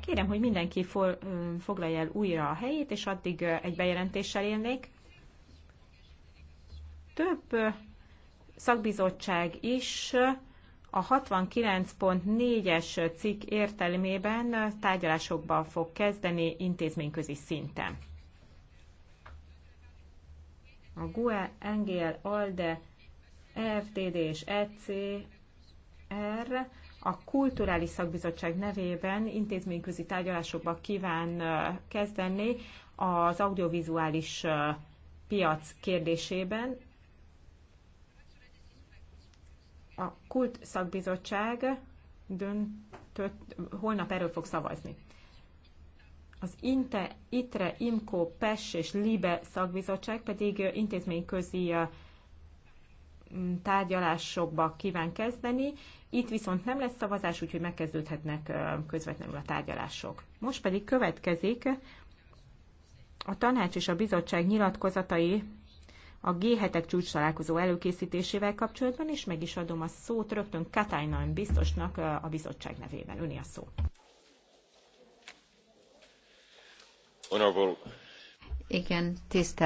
Kérem, hogy mindenki foglalja el újra a helyét, és addig egy bejelentéssel élnék. Több szakbizottság is a 69.4-es cikk értelmében tárgyalásokba fog kezdeni intézményközi szinten. A GUE, NGL, ALDE, EFTD és EC R a Kulturális Szakbizottság nevében intézményközi tárgyalásokba kíván kezdeni az audiovizuális piac kérdésében. A Kult Szakbizottság döntött, holnap erről fog szavazni. Az INTE, ITRE, IMKO, PES és LIBE szakbizottság pedig intézményközi tárgyalásokba kíván kezdeni. Itt viszont nem lesz szavazás, úgyhogy megkezdődhetnek közvetlenül a tárgyalások. Most pedig következik a tanács és a bizottság nyilatkozatai a G7-ek csúcs találkozó előkészítésével kapcsolatban, és meg is adom a szót rögtön Katajnan biztosnak a bizottság nevében. Öni a szó. Igen, tisztelt.